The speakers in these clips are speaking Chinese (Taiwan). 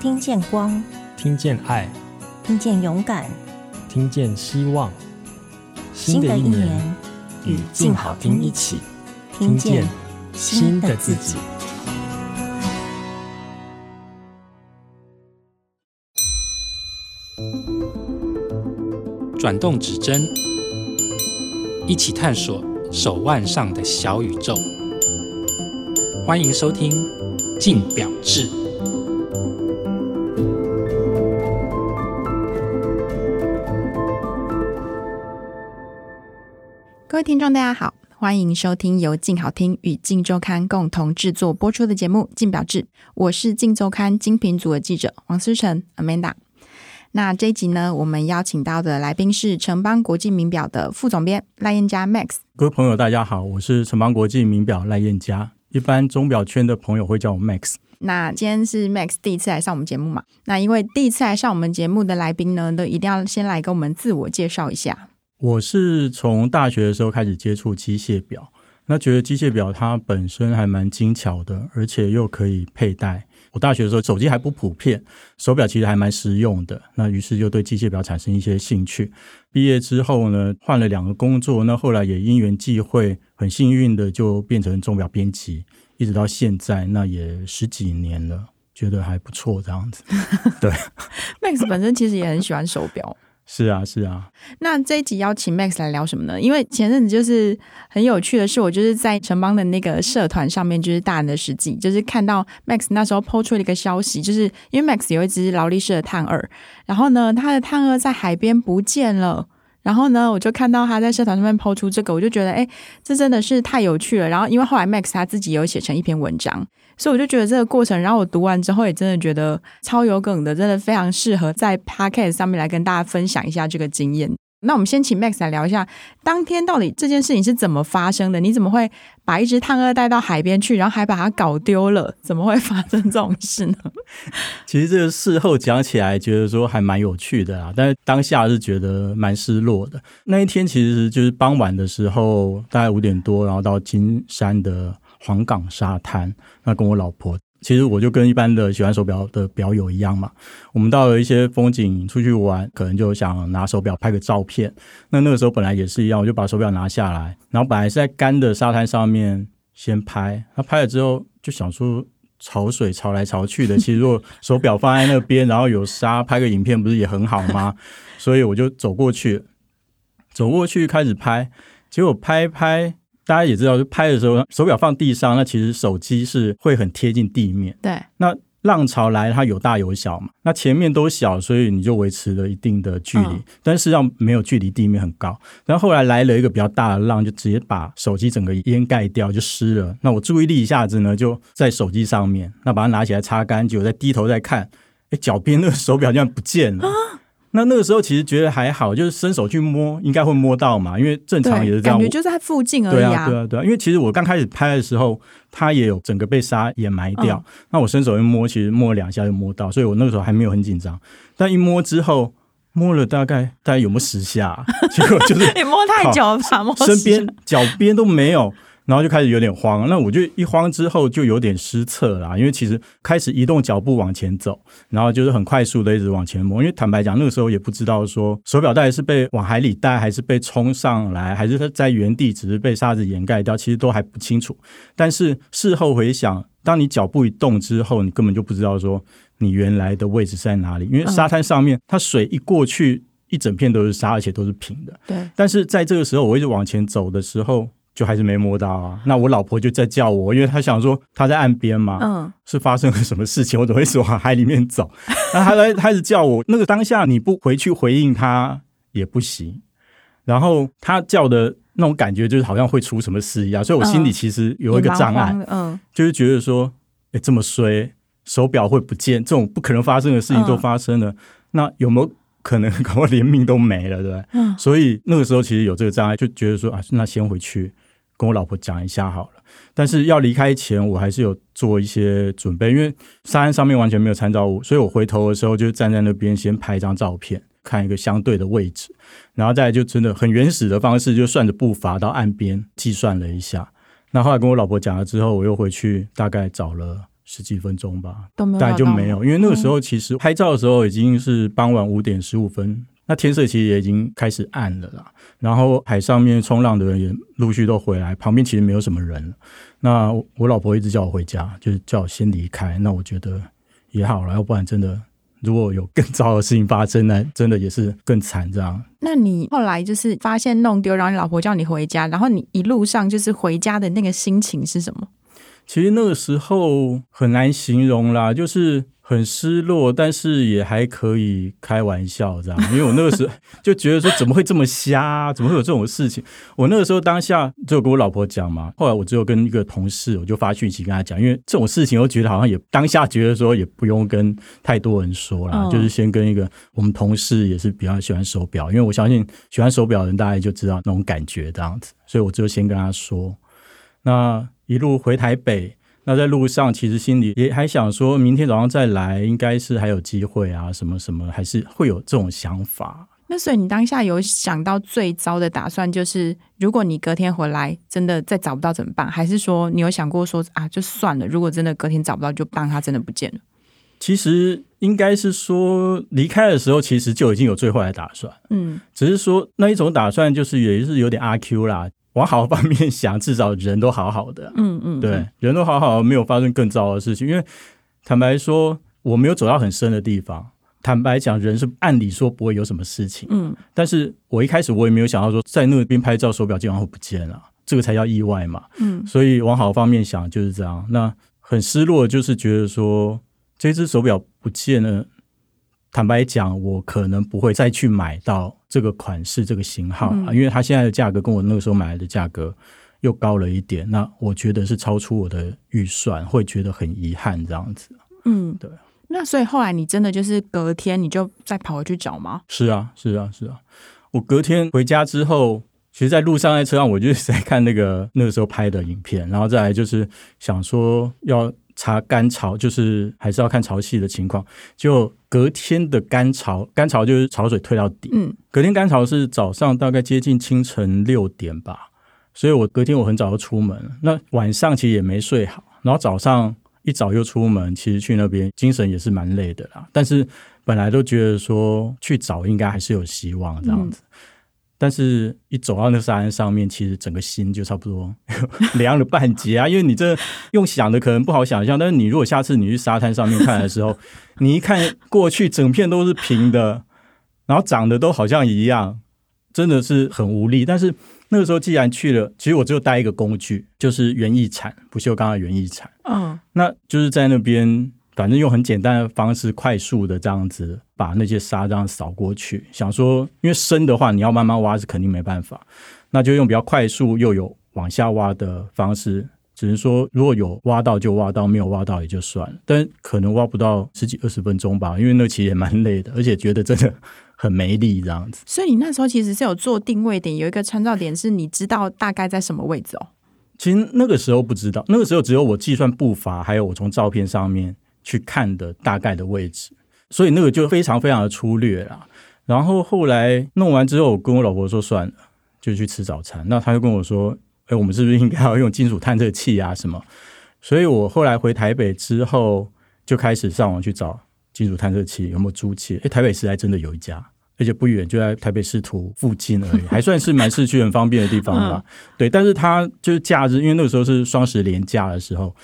聽見光，聽見愛，聽見勇敢，聽見希望。新的一年與靜好聽一起，聽見新的自己。轉動指針，一起探索手腕上的小宇宙。歡迎收聽《靜表誌》。各位聽眾大家好，歡迎收聽由靜好聽與靜周刊共同制作播出的節目《靜表志》，我是靜周刊精品組的記者黃思成 Amanda。那這一集呢，我們邀請到的來賓是城邦國際名表的副總編賴彥嘉 Max。各位朋友大家好，我是城邦國際名表賴彥嘉。一般鐘表圈的朋友會叫我 Max。那今天是 Max 第一次來上我們節目嘛？那因為第一次來上我們節目的來賓呢，都一定要先來跟我們自我介紹一下。我是從大學的時候開始接觸機械錶，那覺得機械錶它本身還蠻精巧的，而且又可以佩戴。我大學的時候手機還不普遍，手錶其實還蠻實用的。那於是就對機械錶產生一些興趣。畢業之後呢，換了兩個工作，那後來也因緣際會，很幸運的就變成鐘錶編輯，一直到現在，那也十幾年了，覺得還不錯這樣子。對。 ，Max 本身其實也很喜歡手錶。 是啊，是啊。那這一集邀請 Max 來聊什麼呢？因為前陣子就是很有趣的是，我就是在城邦的那個社團上面，就是大人的時計，就是看到 Max 那時候拋出了一個消息，就是因為 Max 有一只勞力士的探二，然後呢，他的探二在海邊不見了，然後呢，我就看到他在社團上面拋出這個，我就覺得哎、欸，這真的是太有趣了。然後因為後來 Max 他自己有寫成一篇文章。所以我就覺得這個過程，然後我讀完之後也真的覺得超有梗的，真的非常適合在 Podcast 上面來跟大家分享一下這個經驗。那我們先請 Max 來聊一下，當天到底這件事情是怎麼發生的？你怎麼會把一隻探二帶到海邊去，然後還把它搞丟了？怎麼會發生這種事呢？其實這個事後講起來，覺得說還蠻有趣的啊，但是當下是覺得蠻失落的。那一天其實就是傍晚的時候，大概五點多，然後到金山的。黃港沙灘，那跟我老婆，其實我就跟一般的喜歡手錶的表友一樣嘛。我們到了一些風景，出去玩，可能就想拿手錶拍個照片。那那個時候本來也是一樣，我就把手錶拿下來，然後本來是在乾的沙灘上面先拍。那、啊、拍了之後，就想說潮水潮來潮去的，其實如果手錶放在那邊， 然後有沙拍個影片，不是也很好嗎？所以我就走過去，走過去開始拍，結果拍拍。大家也知道，就拍的時候，手錶放地上，那其實手機是會很貼近地面。對。那浪潮來，它有大有小嘛。那前面都小，所以你就維持了一定的距離、嗯，但是要沒有距離地面很高。但後來來了一個比較大的浪，就直接把手機整個淹蓋掉，就濕了。那我注意力一下子呢，就在手機上面。那把它拿起來擦乾，結果再低頭再看，哎、欸，腳邊那個手表竟然不見了。啊那那個時候其實覺得還好，就是伸手去摸，應該會摸到嘛，因為正常也是這樣。感覺就是在附近而已，啊。對啊，對啊，對啊。因為其實我剛開始拍的時候，它也有整個被沙掩埋掉，嗯。那我伸手一摸，其實摸了兩下就摸到，所以我那個時候還沒有很緊張。但一摸之後，摸了大概大概有沒有十下，啊， 結果就是 你摸太久了，身邊腳邊都沒有。然後就開始有點慌，那我就一慌之後就有點失策了啦，因為其實開始移動腳步往前走，然後就是很快速的一直往前摸。因為坦白講，那個時候也不知道說手錶帶是被往海裡帶，還是被沖上來，還是它在原地只是被沙子掩蓋掉，其實都還不清楚。但是事後回想，當你腳步一動之後，你根本就不知道說你原來的位置在哪裡，因為沙灘上面它水一過去，一整片都是沙，而且都是平的。對。但是在這個時候，我一直往前走的時候。就還是沒摸到啊，那我老婆就在叫我，因為她想說她在岸邊嘛，嗯，是發生了什麼事情，我怎麼一直往海裡面走。那 她來，開始叫我，那個當下你不回去回應她也不行。然後她叫的那種感覺，就是好像會出什麼事一、啊、樣，所以我心裡其實有一個障礙，嗯，就是覺得說，哎、欸，這麼衰，手表會不見，這種不可能發生的事情都發生了，嗯、那有沒有可能搞到連命都沒了，對,對、嗯、所以那個時候其實有這個障礙，就覺得說啊，那先回去。跟我老婆講一下好了，但是要離開前，我還是有做一些準備，因為沙灘上面完全沒有參照物，所以我回頭的時候就站在那邊先拍一張照片，看一個相對的位置，然後再來就真的很原始的方式，就算着步伐到岸邊計算了一下。那後來跟我老婆講了之後，我又回去大概找了十幾分鐘吧，大概、啊、就沒有，因為那個時候其實拍照的時候已經是傍晚五點十五分。那天色其實也已經開始暗了啦，然後海上面衝浪的人也陸續都回來，旁邊其實沒有什麼人了。那我老婆一直叫我回家，就是叫我先離開。那我覺得也好了，要不然真的如果有更糟的事情發生，那真,真的也是更慘這樣。那你後來就是發現弄丟，然後你老婆叫你回家，然後你一路上就是回家的那個心情是什麼？其實那個時候很難形容啦，就是。很失落，但是也還可以開玩笑這樣，因為我那個時候就覺得說，怎麼會這麼瞎，啊？ 怎麼會有這種事情？我那個時候當下就跟我老婆講嘛，後來我只有跟一個同事，我就發訊息跟他講，因為這種事情，我覺得好像也當下覺得說也不用跟太多人說啦，嗯、就是先跟一個我們同事也是比較喜歡手錶，因為我相信喜歡手錶的人大概就知道那種感覺這樣子，所以我就先跟他說，那一路回台北。那在路上，其實心裡也還想說，明天早上再來，應該是還有機會啊，什麼什麼，還是會有這種想法。那所以你當下有想到最糟的打算，就是如果你隔天回來，真的再找不到怎麼辦？還是說你有想過說啊，就算了，如果真的隔天找不到就辦，就當他真的不見了。其實應該是說離開的時候，其實就已經有最壞的打算。嗯，只是說那一種打算，就是也是有點阿 Q 啦。往好的方面想，至少人都好好的。嗯嗯，對嗯，人都好好的，沒有發生更糟的事情。因為坦白說，我沒有走到很深的地方。坦白講，人是按理說不會有什麼事情。嗯，但是我一開始我也沒有想到說在那邊拍照手錶竟然會不見了，這個才叫意外嘛。嗯，所以往好的方面想就是這樣。那很失落，就是覺得說這隻手錶不見了。坦白講，我可能不會再去買到這個款式，這個型號啊，嗯，因為它現在的價格跟我那個時候買來的價格又高了一點。那我覺得是超出我的預算，會覺得很遺憾這樣子。嗯，對。那所以後來你真的就是隔天你就再跑回去找嗎？是啊，是啊，是啊。我隔天回家之後，其實在路上、在車上，我就是在看那個那個時候拍的影片，然後再來就是想說要。查乾潮，就是還是要看潮汐的情況，就隔天的乾潮。乾潮就是潮水退到底。嗯，隔天乾潮是早上大概接近清晨六點吧，所以我隔天我很早就出門，那晚上其實也沒睡好，然後早上一早又出門，其實去那邊精神也是蠻累的啦。但是本來都覺得說去找應該還是有希望這樣子。嗯但是一走到那沙灘上面，其實整個心就差不多涼 了半截啊！因為你這用想的可能不好想象，但是你如果下次你去沙灘上面看的時候， 你一看過去，整片都是平的，然後長得都好像一樣，真的是很無力。但是那個時候既然去了，其實我只有帶一個工具，就是園藝鏟，不鏽鋼的園藝鏟啊，那就是在那邊。反正用很簡單的方式，快速的這樣子把那些沙這樣掃過去。想說，因為深的話，你要慢慢挖是肯定沒辦法，那就用比較快速又有往下挖的方式。只能說，如果有挖到就挖到，沒有挖到也就算了。但可能挖不到十幾二十分鐘吧，因為那其實也蠻累的，而且覺得真的很沒力這樣子。所以你那時候其實是有做定位點，有一個參照點，是你知道大概在什麼位置哦？其實那個時候不知道，那個時候只有我計算步伐，還有我從照片上面，去看的大概的位置，所以那個就非常非常的粗略啦。然後後來弄完之後，我跟我老婆說算了，就去吃早餐。那她就跟我說：“哎，我們是不是應該要用金屬探測器啊什麼？”所以我後來回台北之後，就開始上網去找金屬探測器有沒有租借。哎，台北市還真的有一家，而且不遠，就在台北市圖附近而已，還算是蠻市區很方便的地方吧。對，但是它就是假日，因為那個時候是雙十連假的時候。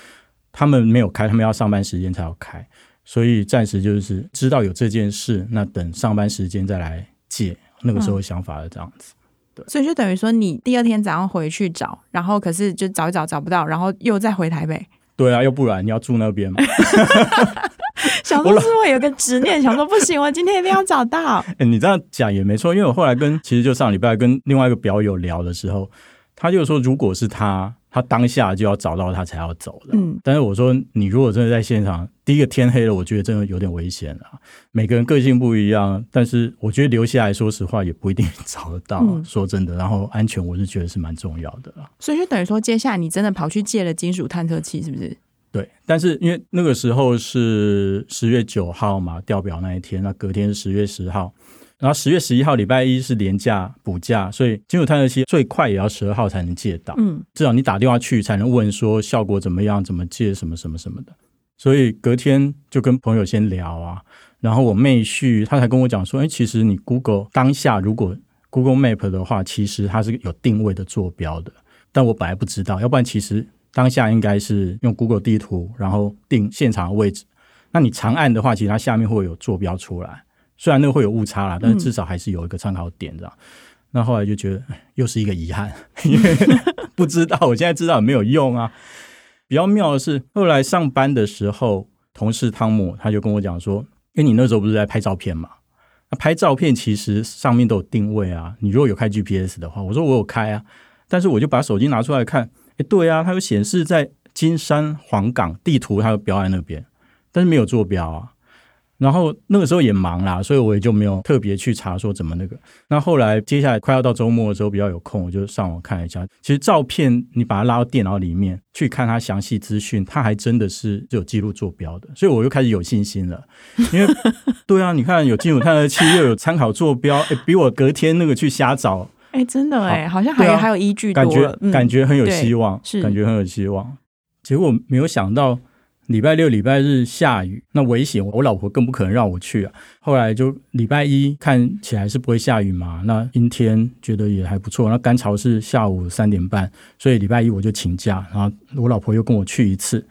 他們沒有開，他們要上班時間才要開，所以暫時就是知道有這件事，那等上班時間再來借，那個時候想法是這樣子，嗯。對，所以就等於說你第二天早上回去找，然後可是就找一找找不到，然後又再回台北。對啊，又不然你要住那邊嘛？ 想說是我有個執念， 想說不行，我今天一定要找到。欸，你這樣講也沒錯，因為我後來跟其實就上禮拜跟另外一個表友聊的時候。他就說，如果是他，他當下就要找到他才要走的。嗯，但是我說，你如果真的在現場，第一個天黑了，我覺得真的有點危險了，啊。每個人個性不一樣，但是我覺得留下來說實話也不一定找得到。嗯，說真的，然後安全我是覺得是蠻重要的，啊。所以就等於說，接下來你真的跑去借了金屬探測器，是不是？對，但是因為那個時候是十月九號嘛，掉錶那一天，那隔天是十月十號。然後十月十一號禮拜一是連假補假，所以金屬探測器最快也要十二號才能借到。嗯，至少你打電話去才能問說效果怎麼樣，怎麼借什麼什麼什麼的。所以隔天就跟朋友先聊啊，然後我妹婿他才跟我講說，哎、欸，其實你 Google 當下如果 Google Map 的話，其實它是有定位的坐標的，但我本來不知道，要不然其實當下應該是用 Google 地圖，然後定現場的位置。那你長按的話，其實它下面會有坐標出來。雖然那個會有誤差啦，但是至少還是有一個參考點的。嗯、那後來就覺得又是一個遺憾，因為不知道。 我現在知道也沒有用啊。比較妙的是，後來上班的時候，同事湯姆他就跟我講說：“因為，你那時候不是在拍照片嘛？那拍照片其實上面都有定位啊。你如果有開 GPS 的話，我說我有開啊。但是我就把手機拿出來看，哎、欸，對啊，它有顯示在金山黃港地圖，還有標在那邊，但是沒有坐標啊。”然後那個時候也忙啦，所以我也就沒有特別去查說怎麼那個。那後,後來接下來快要到周末的時候，比較有空，我就上網看一下。其實照片你把它拉到電腦裡面去看它詳細資訊，它還真的是有記錄坐標的，所以我又開始有信心了。因為 對啊，你看有金屬探測器，又有參考坐標誒，比我隔天那個去瞎找，哎、欸，真的哎，好像還、啊、還有依據，感覺,、嗯、感覺感覺很有希望，是感覺很有希望。結果沒有想到。禮拜六、禮拜日下雨，那危險，我老婆更不可能讓我去啊。後來就禮拜一看起來是不會下雨嘛，那陰天覺得也還不錯。那乾潮是下午三點半，所以禮拜一我就請假，然後我老婆又跟我去一次。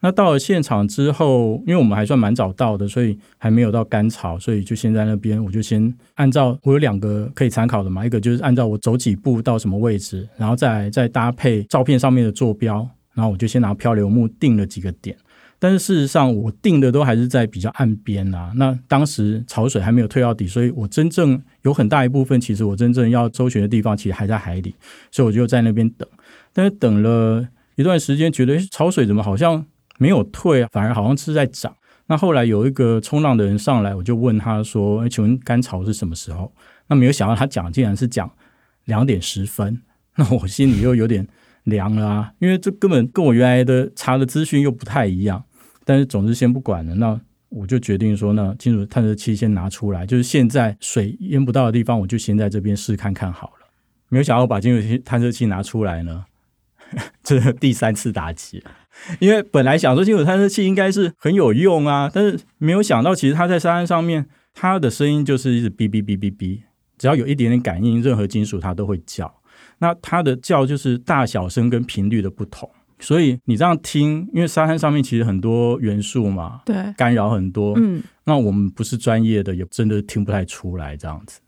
那到了現場之後，因為我們還算蠻早到的，所以還沒有到乾潮，所以就先在那邊，我就先按照我有兩個可以參考的嘛，一個就是按照我走幾步到什麼位置，然後再再搭配照片上面的坐標，然後我就先拿漂流木定了幾個點。但是事實上，我定的都還是在比較岸邊啊。那當時潮水還沒有退到底，所以我真正有很大一部分，其實我真正要周旋的地方，其實還在海裡，所以我就在那邊等。但是等了一段時間，覺得、欸、潮水怎麼好像沒有退啊，反而好像是在漲。那後來有一個衝浪的人上來，我就問他說：“哎、欸，請問乾潮是什麼時候？”那沒有想到他講竟然是講兩點十分，那我心裡又有點涼了、啊，因為這根本跟我原來的查的資訊又不太一樣。但是，總之先不管了。那我就決定說，呢，金屬探測器先拿出來。就是現在水淹不到的地方，我就先在這邊試看看好了。沒有想到把金屬探測器拿出來呢， 這是第三次打擊。因為本來想說金屬探測器應該是很有用啊，但是沒有想到，其實它在沙灘上面，它的聲音就是一直嗶嗶嗶嗶嗶，只要有一點點感應，任何金屬它都會叫。那它的叫就是大小聲跟頻率的不同。所以你這樣聽，因為沙灘上面其實很多元素嘛，對，干擾很多。嗯，那我們不是專業的，也真的聽不太出來這樣子。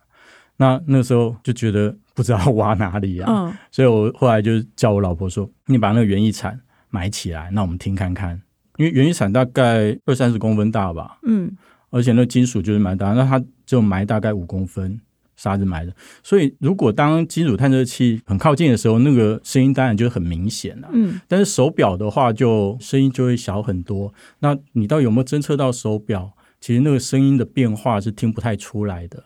那那時候就覺得不知道挖哪裡啊、嗯，所以我後來就叫我老婆說：“你把那個園藝鏟埋起來，那我們聽看看。”因為園藝鏟大概二三十公分大吧，嗯，而且那個金屬就是蠻大，那它就埋大概五公分。沙子埋的，所以如果當金屬探測器很靠近的時候，那個聲音當然就很明顯了。啊。嗯，但是手錶的話就，就聲音就會小很多。那你到底有沒有偵測到手錶？其實那個聲音的變化是聽不太出來的。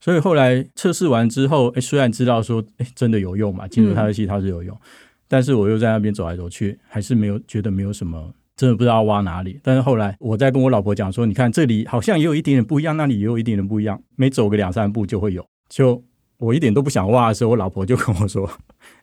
所以後來測試完之後，欸，雖然知道說、欸，真的有用嘛，金屬探測器它是有用。嗯，但是我又在那邊走來走去，還是沒有覺得沒有什麼。真的不知道挖哪裡，但是後來我在跟我老婆講說，你看這裡好像也有一點點不一樣，那裡也有一點點不一樣，每走個兩三步就會有。就我一點都不想挖的時候，我老婆就跟我說：“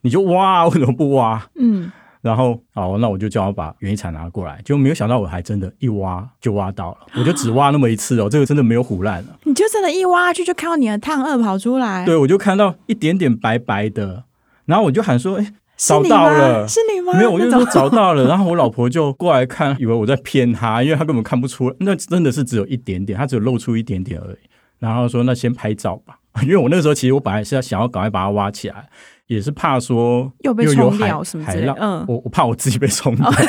你就挖，為什麼不挖？”嗯，然後好，那我就叫我把園藝鏟拿過來，就沒有想到我還真的，一挖就挖到了。我就只挖那麼一次哦，這個真的沒有腐爛了。你就真的，一挖去就看到你的碳二跑出來。對，我就看到一點點白白的，然後我就喊說：“哎、欸。”找到了是，是你嗎？沒有，我就說找到了，到然後我老婆就過來看， 以為我在騙她，因為她根本看不出，那真的是只有一點點，她只有露出一點點而已。然後說：“那先拍照吧，因為我那時候其實我本來是要想要趕快把它挖起來。”也是怕說又被沖掉什麼之類，嗯，我我怕我自己被沖掉，怕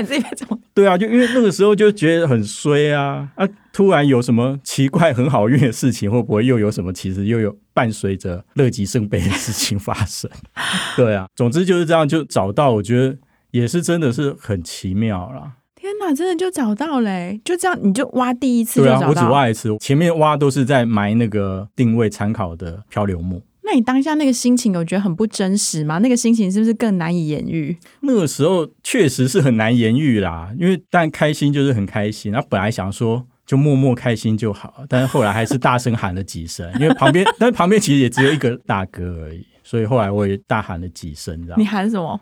你自己被沖。對啊，就因為那個時候就覺得很衰啊，啊，啊突然有什麼奇怪很好運的事情，會不會又有什麼其實又有伴隨着樂極生悲的事情發生？ 對啊，總之就是這樣，就找到，我覺得也是真的是很奇妙了。天哪，真的就找到嘞、欸！就這樣，你就挖第一次就找到，啊、我只挖一次，前面挖都是在埋那個定位參考的漂流木。那你當下那個心情，我覺得很不真實嘛。那個心情是不是更難以言喻？那個時候確實是很難言喻啦，因為但開心就是很開心。那、啊、本來想說就默默開心就好，但是後來還是大聲喊了幾聲， 因為旁邊，但旁邊其實也只有一個大哥而已，所以後來我也大喊了幾聲。你知道嗎？你喊什麼？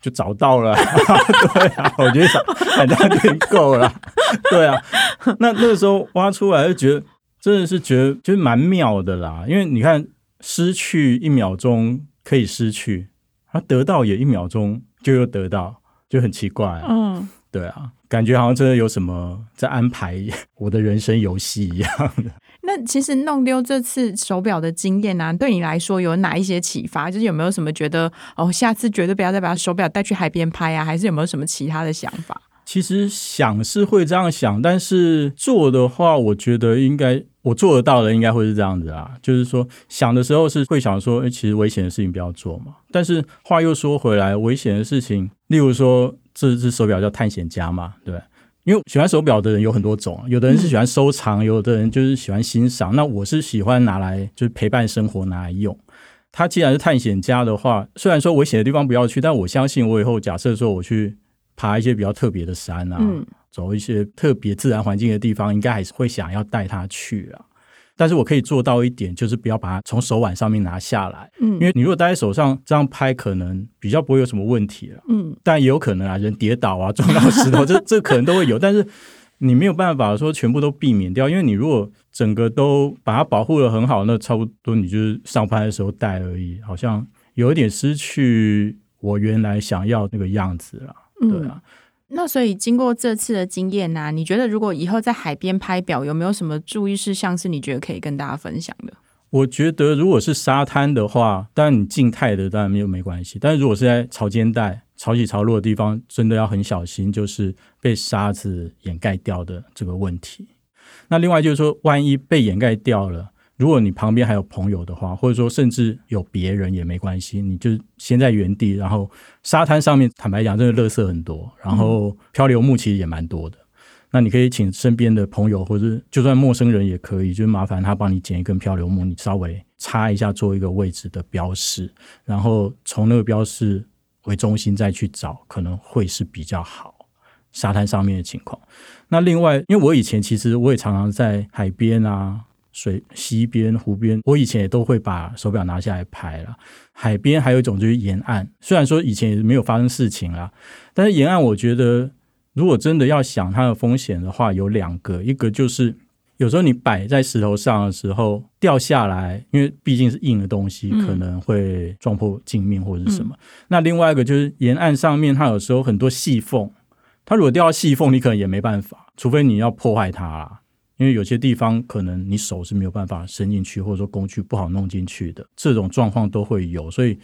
就找到了。 對啊，我覺得喊到已經夠了。對啊，那那個時候挖出來就覺得真的是覺得就是蠻妙的啦，因為你看。失去一秒鐘可以失去，而得到也一秒鐘就又得到，就很奇怪。嗯，對啊，感覺好像真的有什麼在安排我的人生遊戲一樣的。那其實弄丟這次手錶的經驗呢，啊，對你來說有哪一些啟發？就是有沒有什麼覺得哦，下次絕對不要再把手錶帶去海邊拍啊，還是有沒有什麼其他的想法？其實想是會這樣想，但是做的話，我覺得應該。我做得到的應該會是這樣子啊，就是說想的時候是會想說，誒，其實危險的事情不要做嘛。但是話又說回來，危險的事情，例如說這隻手錶叫探險家嘛，對。因為喜歡手錶的人有很多種，有的人是喜歡收藏，有的人就是喜歡欣賞。那我是喜歡拿來就是陪伴生活拿來用。它既然是探險家的話，雖然說危險的地方不要去，但我相信我以後假設說我去爬一些比較特別的山啊、嗯。走一些特別自然環境的地方，應該還是會想要帶它去啊。但是我可以做到一點，就是不要把它從手腕上面拿下來，嗯，因為你如果戴在手上這樣拍，可能比較不會有什麼問題了，嗯，但也有可能啊，人跌倒啊，撞到石頭，這這可能都會有，但是你沒有辦法說全部都避免掉，因為你如果整個都把它保護得很好，那差不多你就是上拍的時候戴而已，好像有一點失去我原來想要那個樣子了，對啊。那所以經過這次的經驗呢、啊，你覺得如果以後在海邊拍錶有沒有什麼注意事項是你覺得可以跟大家分享的？我覺得如果是沙灘的話，當然你靜態的當然沒有沒關係。但是如果是在潮間帶、潮起潮落的地方，真的要很小心，就是被沙子掩蓋掉的這個問題。那另外就是說，萬一被掩蓋掉了。如果你旁邊還有朋友的話，或者說甚至有別人也沒關係，你就先在原地，然後沙灘上面坦白講，真的垃圾很多，然後漂流木其實也蠻多的。嗯。那你可以請身邊的朋友，或者就算陌生人也可以，就麻煩他幫你撿一根漂流木，你稍微插一下，做一個位置的標識，然後從那個標識為中心再去找，可能會是比較好，沙灘上面的情況。那另外，因為我以前其實我也常常在海邊啊。水溪邊、湖邊，我以前也都會把手錶拿下來拍了。海邊還有一種就是沿岸，雖然說以前也沒有發生事情了，但是沿岸我覺得，如果真的要想它的風險的話，有兩個，一個就是有時候你擺在石頭上的時候掉下來，因為畢竟是硬的東西，可能會撞破鏡面或者是什麼。嗯。那另外一個就是沿岸上面它有時候很多細縫，它如果掉到細縫，你可能也沒辦法，除非你要破壞它啦。因為有些地方可能你手是沒有辦法伸進去，或者說工具不好弄進去的，這種狀況都會有。所以，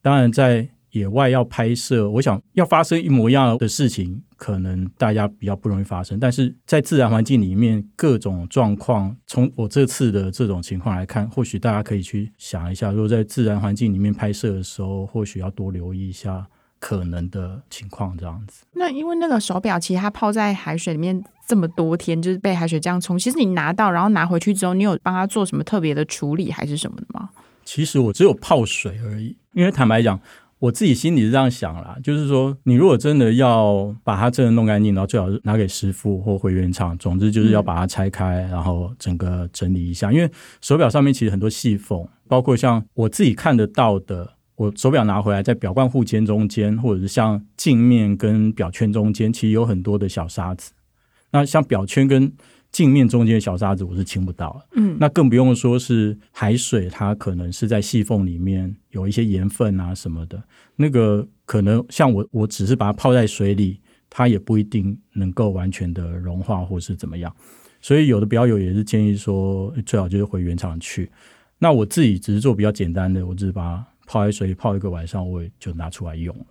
當然在野外要拍攝，我想要發生一模一樣的事情，可能大家比較不容易發生。但是在自然環境裡面，各種狀況，從我這次的這種情況來看，或許大家可以去想一下，如果在自然環境裡面拍攝的時候，或許要多留意一下。可能的情況這樣子。那，因為那個手錶其實它泡在海水裡面這麼多天，就是被海水這樣沖。其實你拿到，然後拿回去之後，你有幫它做什麼特別的處理還是什麼的嗎？其實我只有泡水而已。因為坦白講，我自己心裡是這樣想啦，就是說，你如果真的要把它真的弄乾淨，然後最好是拿給師傅或回原廠，總之就是要把它拆開、嗯，然後整個整理一下。因為手錶上面其實很多細縫，包括像我自己看得到的。我手錶拿回來，在表冠護肩中間，或者是像鏡面跟表圈中間，其實有很多的小沙子。那像表圈跟鏡面中間的小沙子，我是清不到了。嗯，那更不用說是海水，它可能是在細縫裡面有一些鹽分啊什麼的。那個可能像我，我只是把它泡在水裡，它也不一定能夠完全的融化或是怎麼樣。所以有的表友也是建議說，最好就是回原廠去。那我自己只是做比較簡單的，我只是把。泡在水裡泡一個晚上，我也就拿出來用了，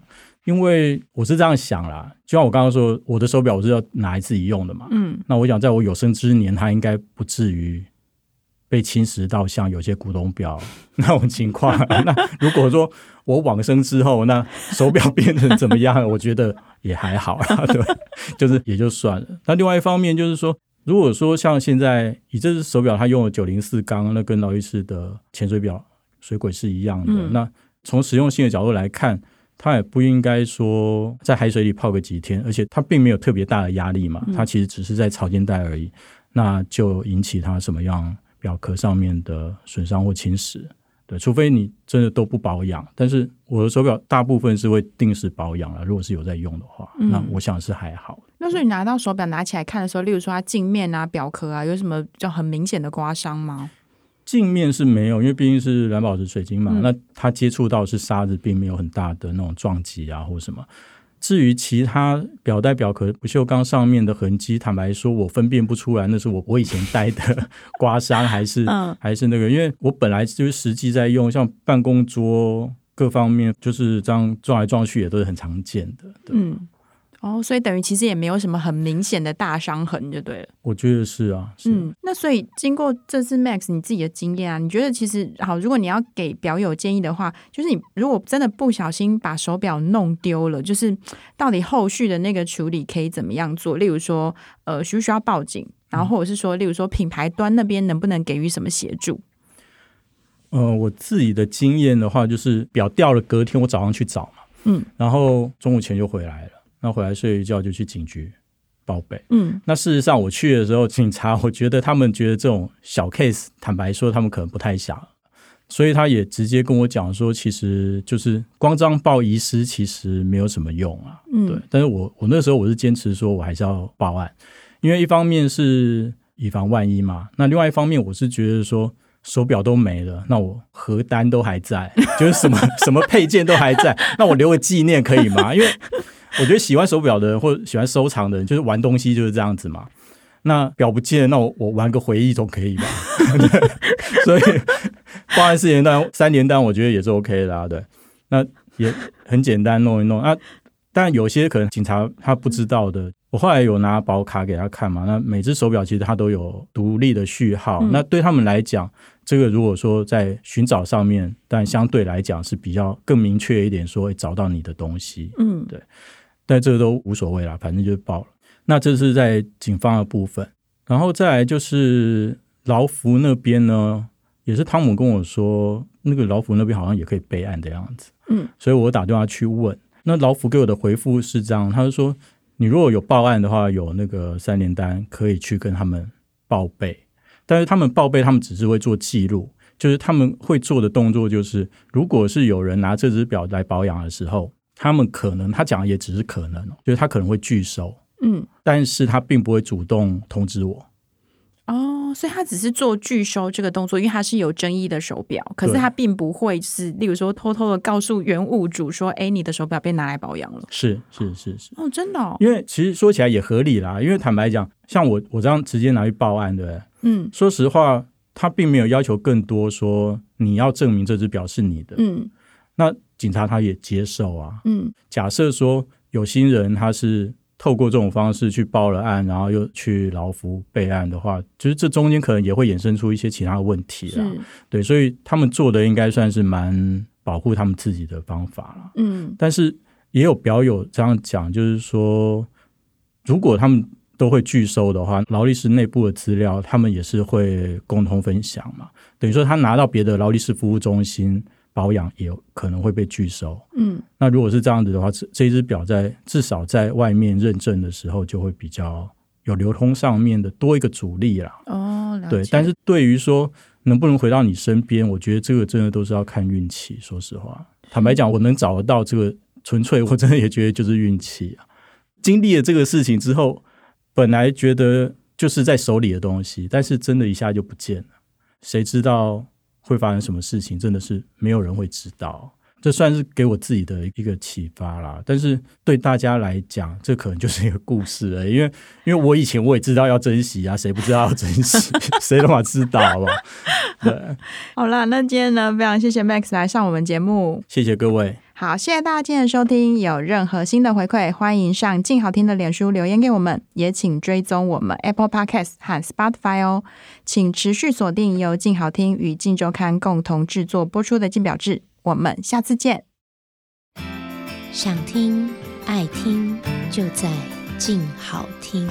因為我是這樣想啦，就像我剛剛說，我的手表我是要拿來自己用的嘛，嗯，那我想在我有生之年，它應該不至於被侵蝕到像有些古董表那種情況啊。那如果說我往生之後，那手表變成怎麼樣，我覺得也還好啦，對吧？就是也就算了。那另外一方面就是說，如果說像現在你這只手表，它用了九零四鋼，那跟勞力士的潛水表。水鬼是一樣的，那從實用性的角度來看，嗯、它也不應該說在海水裡泡個幾天，而且它並沒有特別大的壓力嘛，它其實只是在潮間帶而已，嗯，那就引起它什麼樣表殼上面的損傷或侵蝕。對，除非你真的都不保養，但是我的手表大部分是會定時保養了，如果是有在用的話，那我想是還好。嗯，那所以你拿到手錶拿起來看的時候，例如說它鏡面啊，表殼啊，有什麼比較很明顯的刮傷嗎？鏡面是沒有，因為畢竟是藍寶石水晶嘛。嗯、那它接觸到是沙子，並沒有很大的那種撞擊啊，或什麼。至於其他錶帶、錶殼、不鏽鋼上面的痕跡，坦白說，我分辨不出來那是我我以前戴的刮傷 還是、嗯、還是那個，因為我本來就是實際在用，像辦公桌各方面就是這樣撞來撞去，也都是很常見的。對。嗯。哦，所以等於其實也沒有什麼很明顯的大傷痕，就對了。我覺得是啊，是，嗯。那所以經過這次 Max 你自己的經驗啊，你覺得其實好，如果你要給表友建議的話，就是你如果真的不小心把手表弄丟了，就是到底後續的那個處理可以怎麼樣做？例如說，呃，需不需要報警？然後或者是說，例如說品牌端那邊能不能給予什麼協助？呃，我自己的經驗的話，就是表掉了，隔天我早上去找嘛，嗯，然後中午前就回來了。那回來睡一覺就去警局報備。嗯，那事實上我去的時候，警察，我覺得他們覺得這種小 case，坦白說他們可能不太想，所以他也直接跟我講說，其實就是光張報遺失其實沒有什麼用啊。對。嗯、但是我我那時候我是堅持說我還是要報案，因為一方面是以防萬一嘛。那另外一方面我是覺得說手表都沒了，那我核單都還在，就是什麼 什麼配件都還在，那我留個紀念可以嗎？因為。我覺得喜歡手表的人，或者喜歡收藏的人，就是玩東西就是這樣子嘛。那表不見，那我我玩個回憶總可以吧？ 所以包含四年單、三年單，我覺得也是 OK 的、啊。對，那也很簡單弄一弄。那但有些可能警察他不知道的，我後來有拿保卡給他看嘛。那每只手表其實它都有獨立的序號、嗯，那對他們來講，這個如果說在尋找上面，但相對來講是比較更明確一點說，說、欸、找到你的東西。嗯，對。在這都無所謂了，反正就報了。那這是在警方的部分，然後再來就是勞福那邊呢，也是湯姆跟我說，那個勞福那邊好像也可以備案的樣子。嗯，所以我打電話去問，那勞福給我的回復是這樣，他就說你如果有報案的話，有那個三聯單可以去跟他們報備，但是他們報備，他們只是會做記錄，就是他們會做的動作就是，如果是有人拿這隻表來保養的時候。他們可能，他講的也只是可能，就是他可能會拒收，嗯，但是他並不會主動通知我，哦，所以他只是做拒收這個動作，因為他是有爭議的手表，可是他並不會、就是，例如說偷偷的告訴原物主說，哎、欸，你的手表被拿來保養了，是是是是，哦，真的、哦，因為其實說起來也合理啦，因為坦白講，像我我這樣直接拿去報案，對不對？嗯，說實話，他並沒有要求更多說，說你要證明這只表是你的，嗯，那。警察他也接受啊，嗯，假設說有心人他是透過這種方式去報了案，然後又去勞服備案的話，其實這中間可能也會衍生出一些其他的問題啊，對，所以他們做的應該算是蠻保護他們自己的方法了，嗯，但是也有表友這樣講，就是說如果他們都會拒收的話，勞力士內部的資料，他們也是會共同分享嘛，等於說他拿到別的勞力士服務中心。保養也可能會被拒收，嗯，那如果是這樣子的話，這這只表在至少在外面認證的時候就會比較有流通上面的多一個阻力啦。哦，對，但是對於說能不能回到你身邊，我覺得這個真的都是要看運氣。說實話，坦白講，我能找得到這個，純粹我真的也覺得就是運氣啊。經歷了這個事情之後，本來覺得就是在手裡的東西，但是真的一下就不見了，誰知道？會發生什麼事情，真的是沒有人會知道。這算是給我自己的一個啟發啦。但是對大家來講，這可能就是一個故事、欸、因為因為我以前我也知道要珍惜啊，誰不知道要珍惜，誰他媽知道吧？ 對，好啦，那今天呢，非常謝謝 Max 來上我們節目，謝謝各位。好，謝謝大家今天的收聽。有任何新的回饋，歡迎上鏡好聽的臉書留言給我們。也請追蹤我們 Apple Podcast 和 Spotify 哦。請持續鎖定由鏡好聽與鏡週刊共同製作播出的《鏡錶誌》。我們下次見。想聽愛聽，就在鏡好聽。